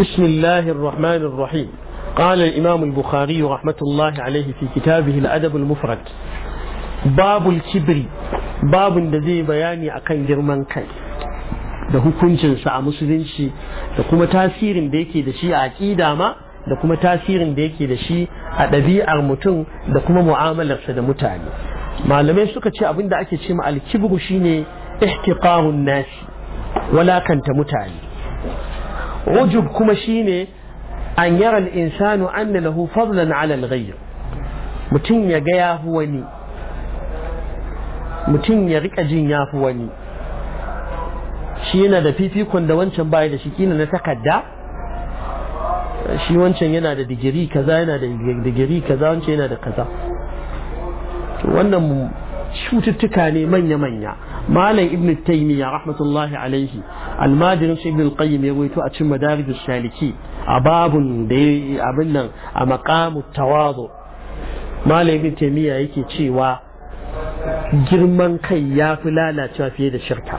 بسم الله الرحمن الرحيم قال الإمام البخاري رحمة الله عليه في كتابه الأدب المفرد باب الكبر باب الذي بياني أكن جرمان كان da hukuncinsa a musulunci da kuma tasirin da yake da shi a aƙida ma da kuma tasirin da yake da shi a ɗabi'ar mutum da kuma mu'amalarsa da mutane malamai suka ce abinda ake ce ma alkibru shine ihtiqarun nasi walakanta mutane ujub kuma shine an yara al-insanu anna lahu fadlan ala al-ghayr mutum ya ga yafi wani mutum ya rika jin yafi wani shi yana da fifikon da wancan baya da shi kina na takarda shi wancan yana da digiri kaza yana da digiri kaza wancan yana da kaza wannan cututtuka ne manya-manya malam ibn taymiya rahmatullahi alaihi almajirin su ibn qayyim ya waito a cikin madarijus saliki a babun da ya abin nan a maqamu tawazu malam ibn taymiya yake cewa girman kai ya fi lalacewa fiye da shirka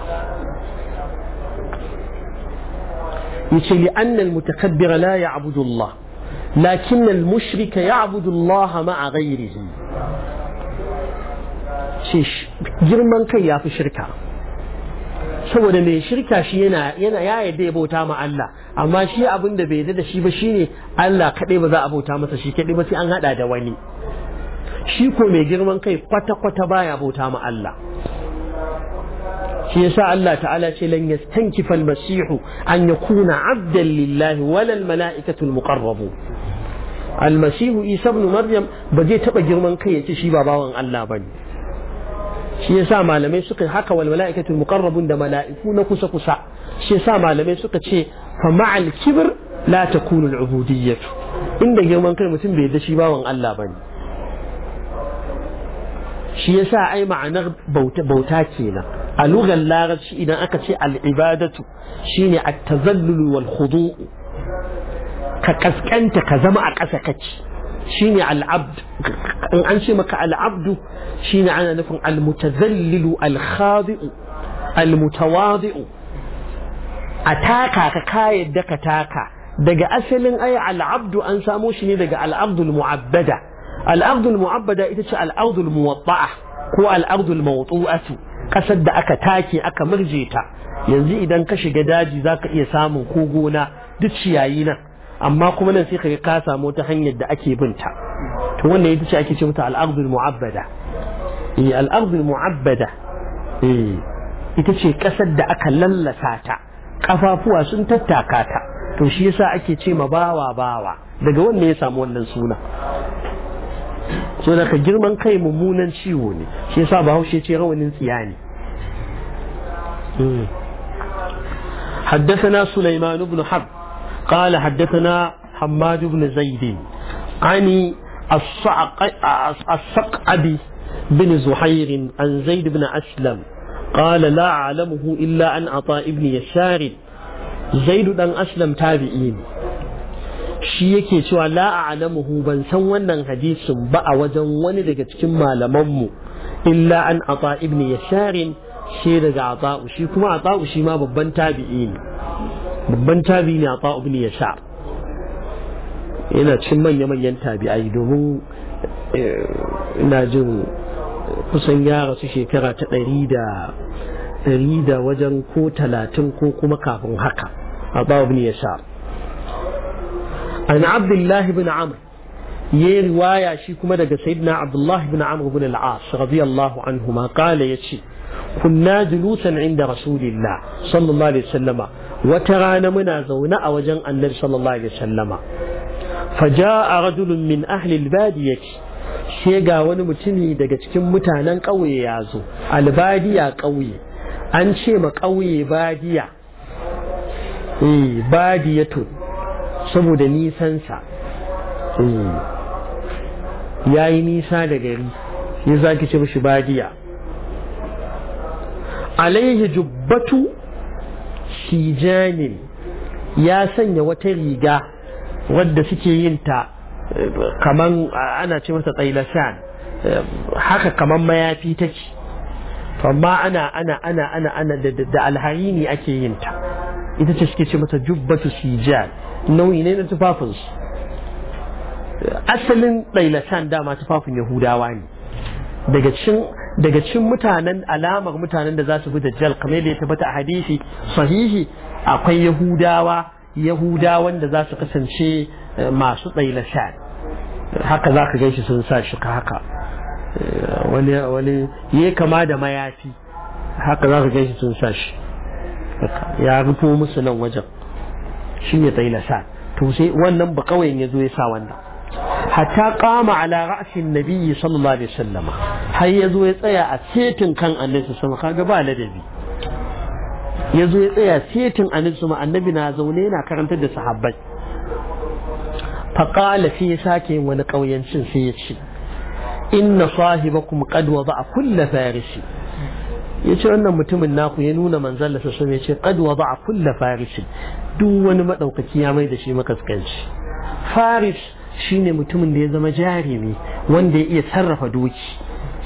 yace li anna al-mutakabbira la ya'budu Allah lakin al-mushrika ya'budu Allah ma'a ghayrihi girman kai ya fi shirka saboda mai shirka shi yana yana ya yadda ya bauta ma Allah amma shi abin da bai yadda da shi ba shine Allah kaɗai ba za a bauta masa shi kaɗai ba sai an haɗa da wani shi ko mai girman kai kwata kwata baya bauta ma Allah shi yasa Allah ta'ala ce lan yastankifa al-masih an yakuna 'abdan lillahi wala al-mala'ikatu al-muqarrabu al-masih isa ibn maryam ba zai taba girman kai ya ce shi ba bawan Allah bane shi yasa malamai suka haka wal mala'ikatul muqarrabun da mala'iku na kusa kusa shi yasa malamai suka ce fa ma'al kibr la takunu al ubudiyyah inda girman kai mutum bai da shi bawan Allah bane shi yasa ai ma'anar bauta bauta kenan a lugar larabci idan aka ce al ibadatu shine at tazallul wal khudu' ka kaskanta ka zama a ƙasa kace شيني على العبد ان انشمك على العبد شيني على نفر المتذلل الخاضع المتواضع اتاكا كاي دكا تاكا دغا اصلين اي على العبد ان سامو شيني دغا العبد المعبد العبد المعبد ايتش العبد الموطع هو العبد الموطوعه kasar da aka take aka murjeta yanzu idan ka shiga daji zaka iya samun kogona amma kuma nan sai ka ka samu ta hanyar da ake binta to wannan ita ce ake ce mata al mu'abbada eh mu'abbada eh ita ce kasar da aka lallasa ta kafafuwa sun tattaka ta to shi yasa ake ce ma bawa bawa daga wannan ya samu wannan suna so daga girman kai mummunan ciwo ne shi yasa bahaushe ce rawanin tsiya ne حدثنا سليمان بن حرب قال حدثنا حماد بن زيد عن الصقعبي بن زحير عن زيد بن أسلم قال لا أعلمه إلا عن عطاء بن يسار زيد بن أسلم تابعين shi yake cewa la a'lamuhu ban san wannan hadisin ba a wajen wani daga cikin malamanmu illa an ata ibn yasharin shi daga ata'u shi kuma ata'u shi ma babban tabi'i ne babban tabi ne a ibn yasar yana cin manya-manyan tabi'ai domin eh, ina jin eh, kusan ya rasu shekara ta ɗari da ɗari da wajen ko talatin ko kuma kafin haka a ibn yasar an abdullahi ibn amr ya yi riwaya shi kuma daga sayyidina abdullahi ibn amr bin al-as radiyallahu anhu ma kala ce kunna julusan inda rasulillah sallallahu alaihi wasallama wata rana muna zaune a wajen annabi sallallahu alaihi wasallama faja'a rajulun min ahli albadiyati sai ga wani mutumi daga cikin mutanen ƙauye ya zo albadiya ƙauye an ce ma ƙauye badiya eh badiyatu saboda nisansa eh. ya yi nisa da gari ya zaki ce mishi badiya alaihi jubbatu hijanin ya sanya wata riga wadda suke yin ta eh, kaman ana ce masa tsailashan eh, haka kaman mayafi ta take amma ana ana ana ana ana da alharini ake yin ta ita ce suke ce mata jubbatu sijan nauyi ne na tufafinsu asalin tsailasan dama tufafin yahudawa ne daga cikin daga cikin mutanen alamar mutanen da za su bi dajjal kamar yadda ya tabbata a hadisi sahihi akwai yahudawa yahudawan da za su kasance eh, masu tsaila sha haka za ka gaishe sun sa shi haka eh, wani wani ya kama da mayafi haka za ka gaishe sun sa shi ya rufo musu nan wajen shi ne tsaila sha to sai wannan ba kawai ya zo ya sa wannan hatta kama ala ra'sin nabiyyi sallallahu alaihi wasallam har yazo ya tsaya a setin kan annabi sama kaga ba ladabi yazo ya tsaya setin annabi annabi na zaune yana karantar da sahabbai faqala fi sake wani kauyancin sai ya ce inna yace wannan mutumin naku ya nuna manzon Allah sallallahu alaihi wasallam yace qad wada'a kull farisi duk wani madaukaki ya mai da shi makaskanci faris Shi ne mutumin da ya zama jarimi wanda ya iya sarrafa doki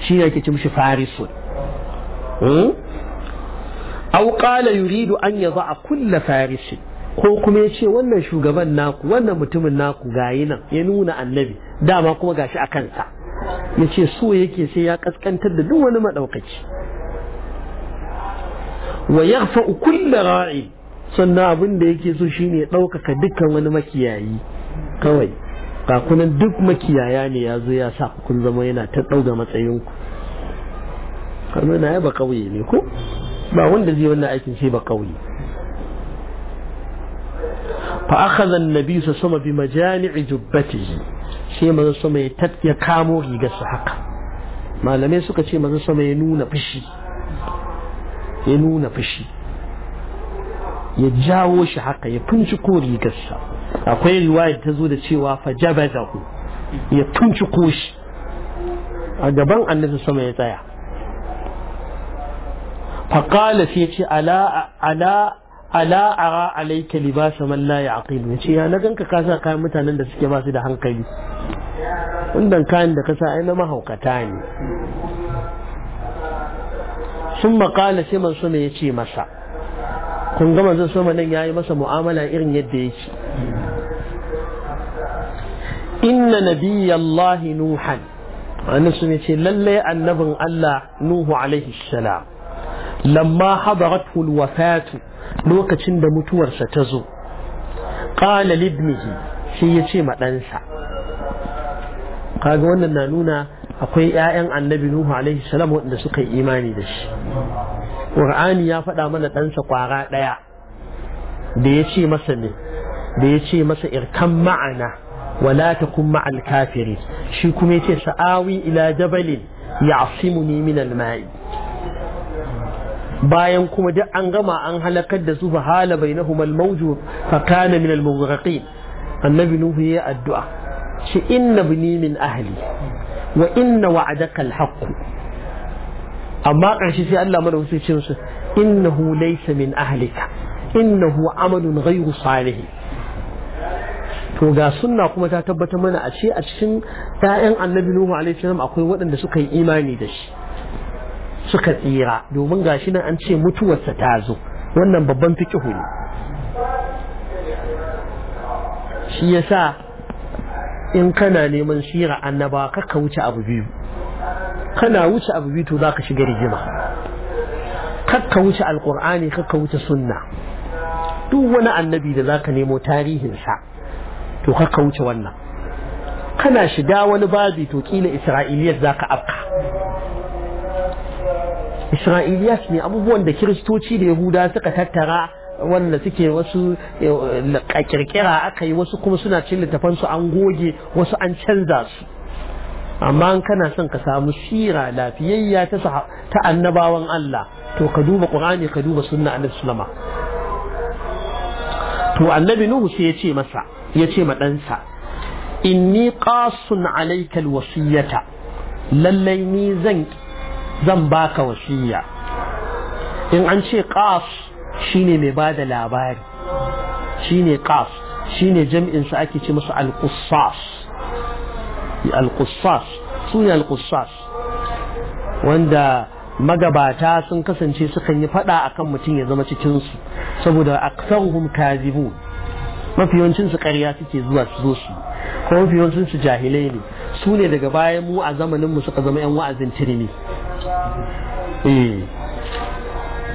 shi ne ake cimshi farisu hmm? au kala yuridu an a kulla farisu ko kuma ya ce wannan shugaban naku wannan mutumin naku gayi nan ya nuna annabi dama kuma gashi a kansa ya ce so yake sai ya kaskantar da duk wani maɗaukaci wa ya fa'u kulla ra'i sannan abin da yake so shine ya ɗaukaka dukkan wani makiyayi kawai ga duk makiyaya ne ya zo ya sa kun zama yana ta ɗauga ku. Kano na yaba ƙauye ne ko ba wanda zai wannan aikin sai ba ƙauye fa akhadha an-nabi sama bi majani'i jubbatihi shi manzo sama ya tat ya kamo haka malamai suka ce manzo sama ya nuna fishi ya nuna fushi ya jawo shi haka ya tunciko rigarsa akwai riwaya ta zo da cewa fa jabazahu ya tunciko shi a gaban annabi sama ya tsaya qala fi ce ala ala ala ara alayka libasa man la yaqil ya ce ya na ganka ka sa kayan mutanen da suke ba su da hankali wannan kayan da ka sa ai na mahaukata ne sun maƙala sai man sama ya ce masa kun ga manzon sama nan yayi masa mu'amala irin yadda yake inna nabiyallahi nuhan annabi ne ce lalle annabin Allah nuhu alaihi salam lamma habarat alwafatu lokacin da mutuwarsa ta zo qala libnihi shi yace ma ɗansa kaga wannan na nuna akwai 'ya'yan annabi nuhu alaihi salam waɗanda suka yi imani da shi ƙur'ani ya faɗa mana ɗansa kwara ɗaya da ya ce masa ne da ya ce masa irkan ma'ana wala takum ma'al kafiri shi kuma yace sa'awi ila jabalin ya'simuni min al-ma'i bayan kuma duk an gama an halakar da su fahala bai al humal fa kana min al-mughraqin annabi nuhu ya addu'a shi inna bini min ahli wa inna wa'adaka haqq amma ƙarshe sai Allah mana wasu ce musu innahu laysa min ahlika innahu amalun ghayru salih to ga sunna kuma ta tabbata mana a ce a cikin ƴaƴan annabi nuhu alaihi salam akwai waɗanda suka yi imani da shi suka tsira domin gashi nan an ce mutuwarsa ta zo wannan babban fikihu ne shi yasa in kana neman sira annaba ka wuce abu biyu kana wuce abu biyu to zaka shiga rigima kakka wuce alqur'ani kakka wuce sunna duk wani annabi da zaka nemo tarihinsa to kakka wuce wannan kana shiga wani babi to kila isra'iliyat zaka afka isra'iliyat ne abubuwan da kiristoci da yahuda suka tattara wanda suke wasu eh, kirkira aka yi wasu kuma suna cin littafansu an goge wasu an canza su amma in kana son ka samu sira lafiyayya ta ta annabawan Allah to ka duba Qur'ani ka duba sunna Annabi sallama to Annabi Nuhu sai ya ce masa ya ce ma ɗansa inni qasun alayka alwasiyata lallai ni zan zan baka wasiya in an ce qas shine mai bada labari shine qas shine jami'in su ake ce masa alqussas al-qussas su al wanda magabata sun kasance sukan yi fada kan mutum ya zama cikin su saboda aktsaruhum kazibu mafi yawancin su ƙarya suke zuwa su zo su ko mafi yawancin jahilai ne su ne daga baya mu a zamaninmu suka zama yan wa'azin tirmi eh.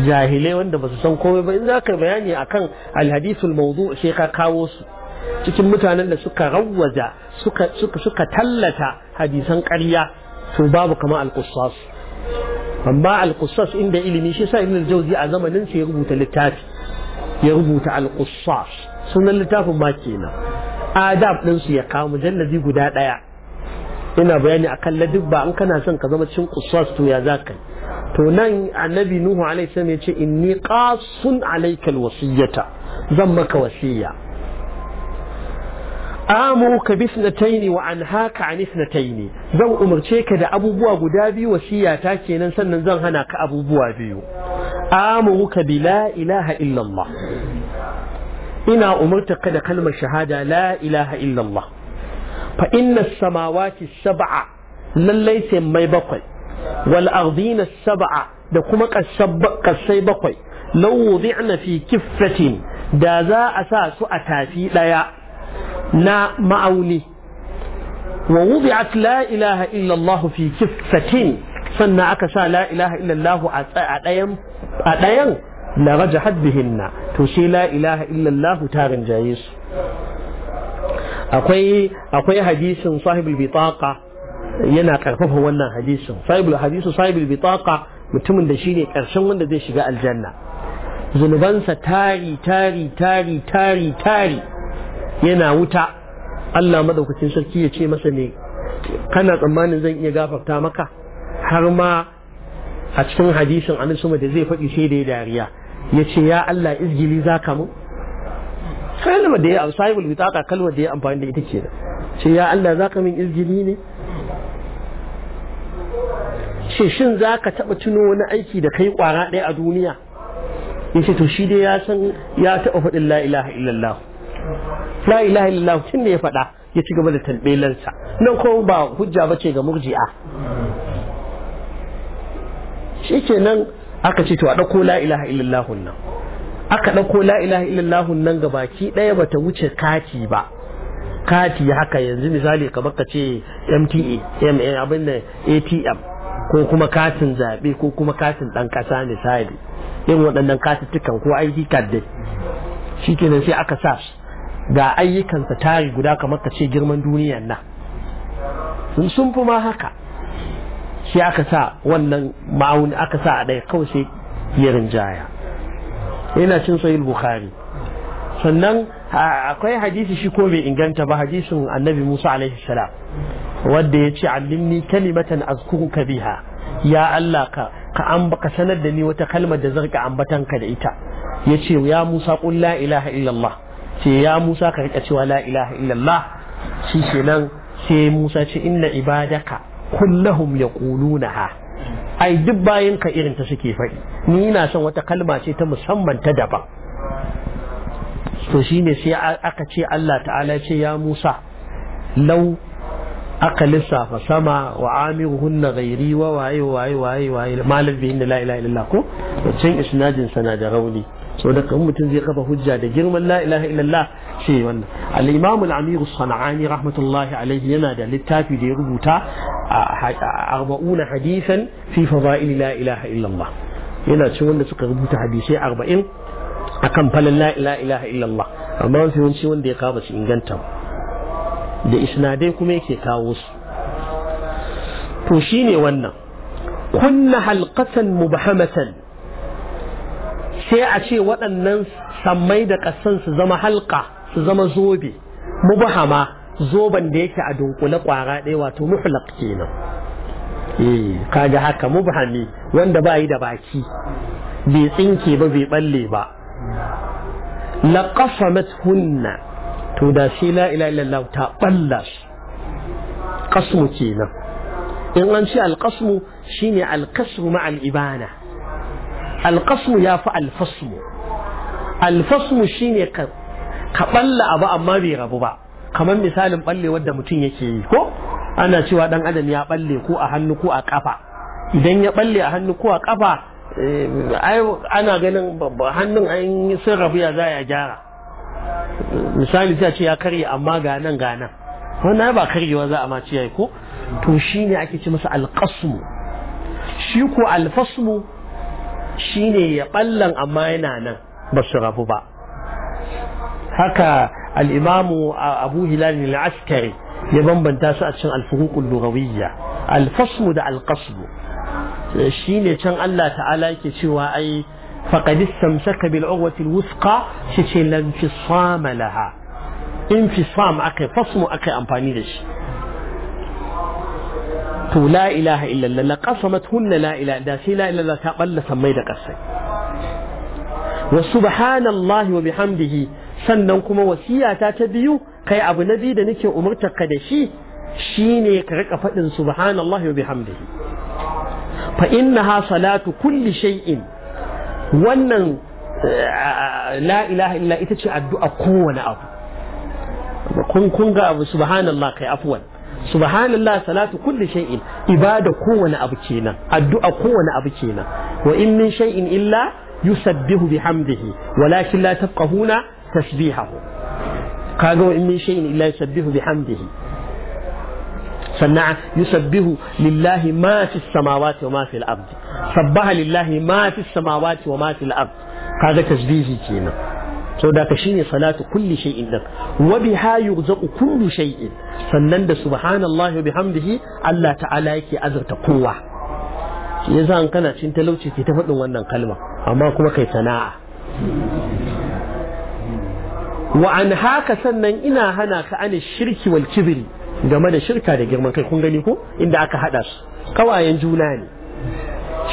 jahilai wanda ba su san komai ba in za ka bayani akan alhadisul mawdu sai ka kawo su cikin mutanen da suka rawwaja suka suka suka tallata hadisan ƙarya to babu kama al amma al'kusas inda ilimi shi sa ibn al a zamanin sa ya rubuta littafi ya rubuta al'kusas. sunan littafin ma kenan adab din su ya kawo mujallazi guda daya ina bayani akan ladibba an kana son ka zama cikin kusas to ya zaka to nan annabi nuhu alaihi salam ya ce inni qasun alaikal wasiyata zan maka wasiya amuruka bi snataini wa anhaka an snataini zan umarce ka da abubuwa guda biyu wasiya ta kenan sannan zan hana ka abubuwa biyu amuruka bi la ilaha illallah ina umarta ka da kalmar shahada la ilaha illallah fa inna samawati sab'a lallai sai mai bakwai wal ardina sab'a da kuma kasai bakwai law wudi'na fi kiffatin da za a sa su a tafi daya na ma'auni wa wudi'at la ilaha illallah fi kiffatin sannan aka sa la ilaha illallah a dayan? a ɗayan la rajahat bihinna to sai la ilaha illallah ta rinjaye su akwai akwai hadisin sahibul bitaqa yana karfafa wannan hadisin sahibul hadisu sahibul bitaqa mutumin da shine karshen wanda zai shiga aljanna zunubansa tari tari tari tari tari yana wuta Allah madaukakin sarki ya ce masa ne kana tsammanin zan iya gafarta maka har ma a cikin hadisin annabi da zai faɗi sai da ya dariya ya ce ya Allah izgili za ka mu kalma da ya sahibul bitaqa kalmar da ya amfani da ita ce ce ya Allah za ka min izgili ne ce shin za ka taɓa tuno wani aiki da kai ƙwara ɗaya a duniya ya ce to shi dai ya san ya taɓa faɗin la ilaha illallah la ilaha illallah tun da ya faɗa ya ci gaba da talbelansa nan ko ba hujja bace ga murji'a shikenan aka ce to a ɗauko la ilaha illallah nan aka ɗauko la ilaha illallah nan ga baki ɗaya bata wuce kati ba kati haka yanzu misali kamar ka ce MTA eh, abin da ATM ko kuma katin zaɓe ko kuma katin ɗan ƙasa misali yin waɗannan katuttukan ko ID card dai kenan sai aka sa ga ayyukansa tari guda kamar ka ce girman duniyan nan sun sun fi ma haka shi aka sa wannan ma'auni aka sa a ɗaya kawai sai ya rinjaya yana cin sahih bukhari sannan akwai hadisi shi ko bai inganta ba hadisin annabi musa alaihi salam wanda ya ce allimni kalimatan azkuruka biha ya allah ka ka an baka sanar da ni wata kalmar da zarka ka da ita yace ya musa qul la ilaha illallah ce ya Musa ka rika cewa la ilaha illallah shi kenan sai Musa ce inna ibadaka kullahum yaqulunaha ai duk bayan ka irin ta suke faɗi ni ina son wata kalma ce ta musamman ta daban to shine sai aka ce Allah ta'ala ce ya Musa lau aka lissafa sama wa amiruhunna ghairi wa waye waye waye waye malal bihinna la ilaha illallah ko to isnadin sana da rauni so da kan mutum zai kafa hujja da girman la ilaha illallah shi wannan al-imam al-amir sanani rahmatullahi Alayhi. yana da littafi da ya rubuta 40 hadisan fi fadail la ilaha illallah yana cin wanda suka rubuta hadisai 40 akan falal la ilaha illallah amma wasu yawanci wanda ya kawo shi inganta da isnadai kuma yake kawo su to shine wannan kunna halqatan mubhamatan sai a ce waɗannan sammai da ƙasan su zama halka su zama zobe mubahama zoben da yake a dunkule ƙwara ɗaya wato muhlaq kenan eh kaga haka mubhami wanda ba yi da baki bai tsinke ba bai balle ba laqasamat hunna to da shi la ilaha illallah ta balla kasmu kenan in an ce alqasmu shine al ma al ibana alƙasmu ya fi alfasmu alfasmu shine ka ka balla abu amma bai rabu ba kamar misalin ɓalle da mutum yake yi ko ana cewa ɗan adam ya balle ko a hannu ko a ƙafa. idan ya balle a hannu ko a ƙafa. Eh, ana ganin hannun an yi sun rabu ya za ya gyara misali ta ce ya karye amma ga nan ga nan wannan ba karyewa za a ma ce ko to shine ake ce masa alqasmu shi ko alfasmu shine ya ballan amma yana nan ba su rabu ba haka al-imamu abu hilal al-askari ya bambanta su a cikin al-furuqul lughawiyya al-fasl da al-qasd shine can Allah ta'ala yake cewa ai faqad istamsaka bil urwati al-wusqa shi ce lan fisama laha infisam akai fasmu akai amfani da shi wato la ilaha illallah la qasamat hunna la ilaha da sai la ilaha ta balla sammai da kasai wa subhanallahi wa bihamdihi sannan kuma wasiyata ta biyu kai abu na biyu da nake umartar ka da shi shine ka rika faɗin subhanallahi wa bihamdihi fa innaha salatu kulli shay'in wannan la ilaha illa ita ce addu'a kowane abu kun kun ga abu subhanallah kai afwan subhanallah salatu kulli shay'in ibada kowane abu kenan addu'a kowane abu kenan wa in min shay'in illa yusabbihu bihamdihi walakin la tafqahuna tasbihahu kaga wa in min shay'in illa yusabbihu bihamdihi sannan yusabbihu lillahi ma fi samawati wa ma fi al-ard sabbaha lillahi ma fi samawati wa ma fi al-ard kaga tasbihi kenan Sau da ka shine salatu kulli shay'in din wa biha yurzaqu kullu shay'in sannan da subhanallahi wa bihamdihi Allah ta'ala yake azurta kowa yasa an kana cin talauci ke ta faɗin wannan kalma amma kuma kai sana'a wa an haka sannan ina hana ka an shirki wal kibri game da shirka da girman kai kun gani ko inda aka hada su kawayen juna ne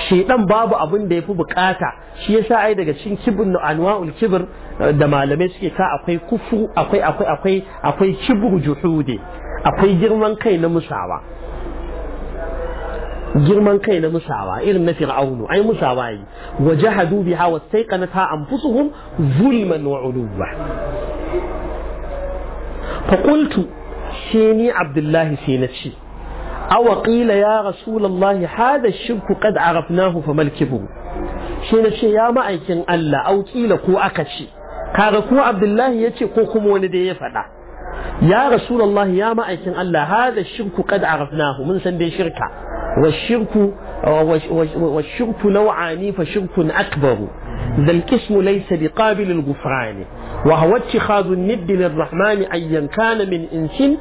shedan babu abin da yafi bukata shi yasa ai daga cikin kibrin anwa'ul kibr da malamai suke ka akwai kufu akwai akwai akwai akwai kibu juhudi akwai girman kai na musawa girman kai na musawa irin na fir'aunu ai musawa yi wa jahadu biha wa taiqanata anfusuhum zulman wa uluwa fa qultu sai ni abdullahi sai na ce aw qila ya rasulullahi hada shirku qad arafnahu fa malkibu shi na ce ya ma'aikin Allah aw qila ko aka ce kaga ko abdullahi yace ko kuma wani da ya fada ya rasulullahi ya ma'aikin Allah hada shirku kad arafnahu mun san dai shirka wa shirku wa shirku naw'ani fa shirkun akbaru dal kismu laysa biqabil al ghufran wa huwa ittikhadhu an-nidd lir rahman ayyan kana min insin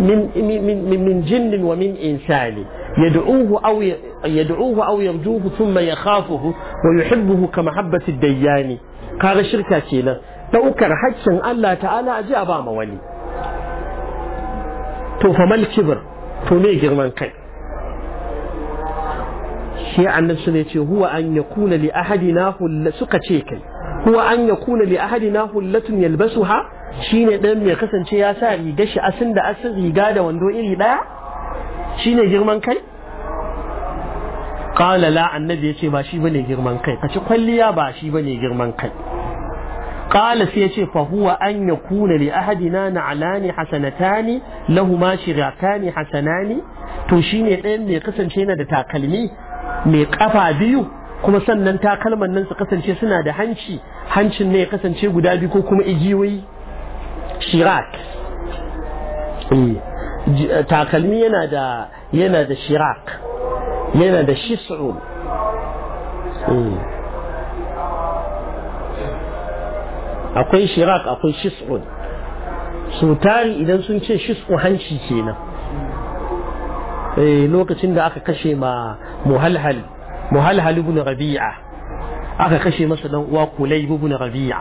min min min jinn wa min insani يدعوه أو يدعوه أو يرجوه ثم يخافه ويحبه كمحبة الديان قال شركة كينا Daukar haƙƙin Allah ta'ala a ji a ba ma wani to fa mal kibir to me girman kai shi annabi sun ce huwa an yakuna li ahadina hulla suka ce kai huwa an yakuna li ahadina hullatun yalbasuha shine dan mai kasance ya sa riga shi asin da asin riga da wando iri daya shine girman kai qala la annabi yace ba shi bane girman kai kace kwalliya ba shi bane girman kai qala sai ce fa huwa an yakuna li ahadina na'lani hasanatani lahuma shirakani hasanani to shine ɗayan ya kasance yana da takalmi mai ƙafa biyu kuma sannan takalman nan su kasance suna da hanci hancin ne ya kasance guda biyu ko kuma igiyoyi shirak eh, takalmi yana yana da shirak yana da shis'un eh. akwai shirak akwai shis'un su tari idan sun ce shis'u hanci kenan eh, lokacin da aka kashe ma muhalhal muhalhal ibn rabi'a aka kashe masa dan uwa kulai ibn rabi'a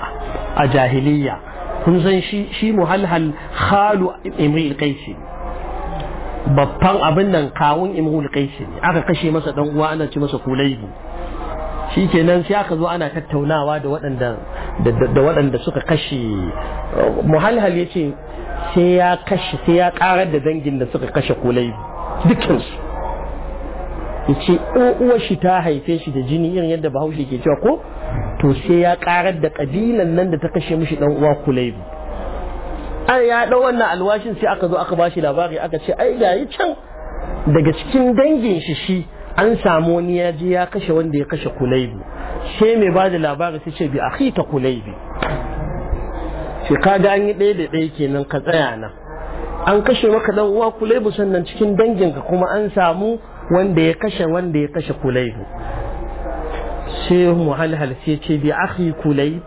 a jahiliya kun san shi shi muhalhal khalu imri al-qaisi babban abin nan kawun imru al-qaisi aka kashe masa dan uwa ana ce masa kulaibu shikenan sai aka zo ana tattaunawa da waɗanda da waɗanda suka kashe muhalhal ya ce sai ya kashe sai ya ƙarar da dangin da suka kashe kulai dukansu ya ce uwar shi ta haife shi da jini irin yadda bahaushe ke cewa ko to sai ya karar da ƙabilan nan da ta kashe mishi ɗan uwa kulai an ya ɗau wannan alwashin sai aka zo aka ba shi labari aka ce ai gayi can daga cikin dangin shi shi an samu wani ya je ya kashe wanda ya kashe kulaibu she mai ba da labari sai ce bi akhi ta kulaibi sai kaga an yi ɗaya da ɗaya kenan ka tsaya na. an kashe maka dan uwa kulaibu sannan cikin dangin ka kuma an samu wanda ya kashe wanda ya kashe kulaibu sai muhalhal sai ce bi akhi kulai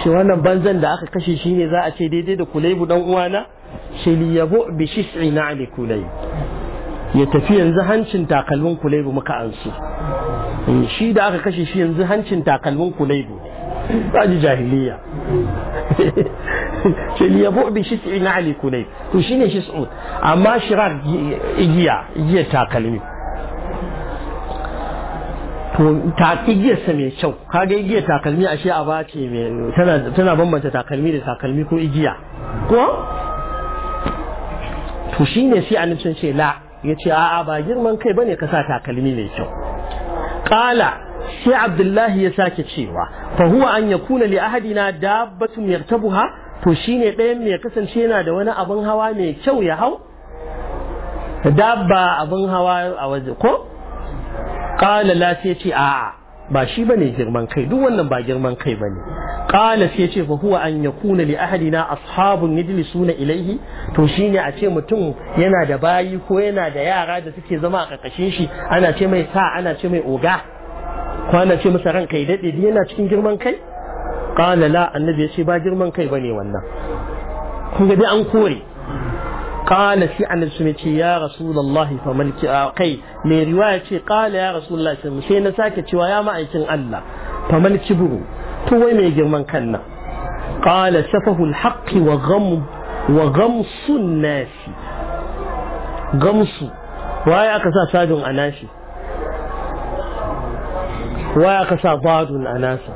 shi wannan banzan da aka kashe shi ne za a ce daidai da kulaibu dan uwana shi liyabo bi shis'i na kulai ya tafi yanzu hancin takalmin kulaibu muka ansu shi da aka kashe shi yanzu hancin takalmin kulaibu ne ba ji jahiliya ce liya bi shi na ali kulai to shi ne shi su'ud amma shirar igiya igiyar takalmi to ta sa mai kyau kaga igiyar takalmi ashe a ba ce mai tana bambanta takalmi da takalmi ko igiya ko to shi ne sai nufin ce la ya ce a'a ba girman kai bane ka sa takalmi mai kyau kala sai abdullahi ya sake cewa fa huwa an yakuna li ahadina dabbatun yartabuha to shine ɗayan mai kasance yana da wani abin hawa mai kyau ya hau dabba abin hawa a waje ko kala la sai ce a'a ba shi bane girman kai duk wannan ba girman kai bane qala sai yace fa huwa an yakuna li ahadina ashabun yajlisuna ilaihi to shine a ce mutum yana da bayi ko yana da yara da suke zama a karkashin shi ana ce mai sa ana ce mai oga ko ana ce masa ranka ya dade yana cikin girman kai qala la annabi yace ba girman kai bane wannan kun ga dai an kore قال في عن السمتي يا رسول الله فمن كي من رواية قال يا رسول الله صلى الله عليه وسلم ساكت يا ما الله فمن كبروا توي من جرمان كنا قال سفه الحق وغم وغمص الناس غمص واي أكسا ساد أناشي واي أكسا ضاد أناسا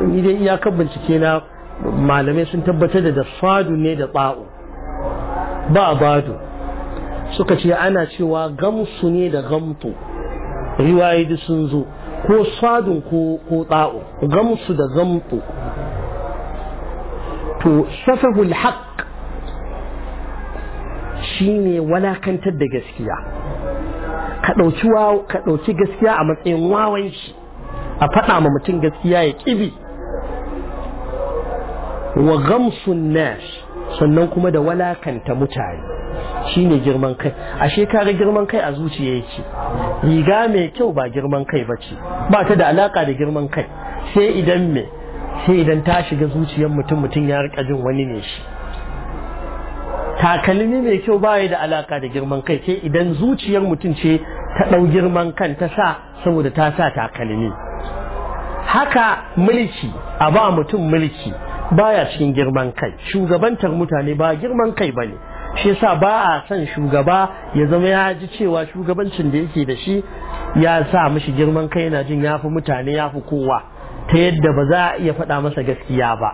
إذا إياك بنتكينا malamai sun tabbatar da dafadu ne da tsa'u ba badu suka ce ana cewa gamsu ne da gamtu riwayoyi sun zo ko sadun ko tsa'u gamsu da gamtu to safahul haq shine walakantar da gaskiya ka ɗauki gaskiya a matsayin wawanci a faɗa ma mutum gaskiya ya ƙibi wa gamsun nash sannan kuma da walakanta mutane shine girman kai a shekara girman kai a zuciya yake riga mai kyau ba girman kai bace ba ta da alaka da girman kai sai idan me sai idan ta shiga zuciyar mutum mutum ya rika jin wani ne shi takalmi mai kyau ba da alaka da girman kai sai idan zuciyar mutum ce ta ɗau girman kan ta sa saboda ta sa takalmi haka mulki a ba mutum mulki baya cikin girman kai shugabantar mutane ba girman kai ba ne shi yasa ba a son shugaba ya zama ya ji cewa shugabancin da yake da shi ya sa mishi girman kai yana jin ya fi mutane ya fi kowa ta yadda ba za a iya faɗa masa gaskiya ba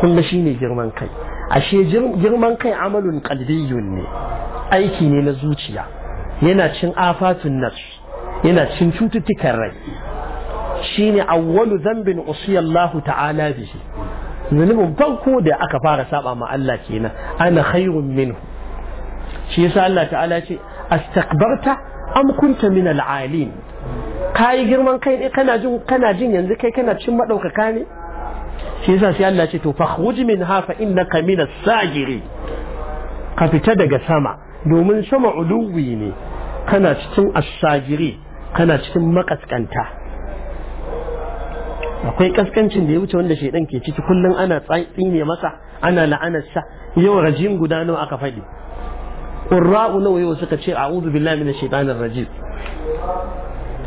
kunga shi ne girman kai ashe girman kai amalun kalbiyun ne aiki ne na zuciya yana cin afatun nas yana cin cututtukan rai shine awwalu dhanbin usiya Allah ta'ala bihi zunubin farko da aka fara saba ma Allah kenan ana khairun minhu shi yasa Allah ta'ala ce astakbarta am kunta min al'alin kai girman kai ne kana jin kana jin yanzu kai kana cin madaukaka ne shi yasa sai Allah ce to fakhruj min ha fa innaka min as-sajiri ka fita daga sama domin sama uluwi ne kana cikin as-sajiri kana cikin makaskanta akwai kaskancin da ya wuce wanda shaidan ke ciki kullum ana tsine masa ana sa yau rajim guda nawa aka faɗi qurra'u nawa yau suka ce a'udhu billahi minash shaitanir rajim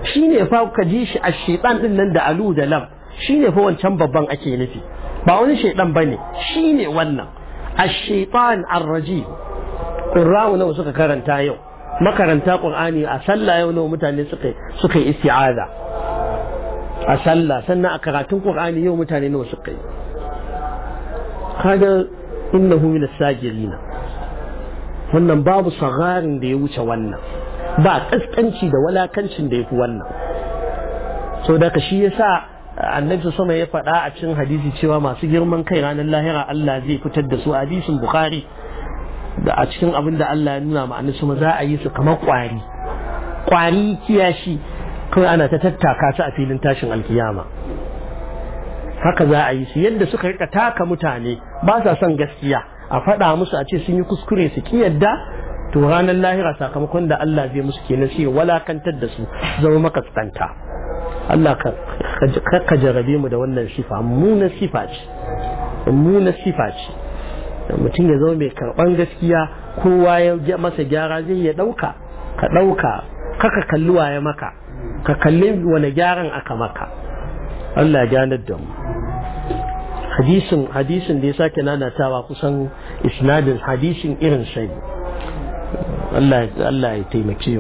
shine fa ka ji shi a shaitan din nan da alu da lam shine fa wancan babban ake nufi ba wani ne bane shine wannan ash-shaitan ar-rajim qurra'u nawa suka karanta yau makaranta ƙur'ani a sallah yau nawa mutane suka suka isti'aza a sallah sannan a karatun qur'ani yau mutane nawa suka yi kaga innahu min as-sajirina wannan babu sagarin da ya wuce wannan ba kaskanci da walakancin da yafi wannan so daga shi yasa annabi sama ya faɗa a cikin hadisi cewa masu girman kai ranar lahira Allah zai fitar da su hadisin bukhari da a cikin abin da Allah ya nuna ma annabi sama za a yi su kamar kwari kwari kiyashi kawai ana ta tattaka su a filin tashin alkiyama haka za a yi su yadda suka rika taka mutane ba sa son gaskiya a faɗa musu a ce sun yi kuskure su ki yadda to ranar lahira sakamakon da Allah zai musu ke nasi walakantar da su zama makaskanta Allah ka jarabe mu da wannan sifa na sifa ce na sifa ce mutum ya zama mai karɓar gaskiya kowa ya masa gyara zai ya ɗauka ka ɗauka kaka kalluwa ya maka ka kalli wani gyaran aka maka Allah ganar da mu hadisin hadisin da ya sake nanatawa kusan isnadin hadisin irin sai Allah ya taimake mu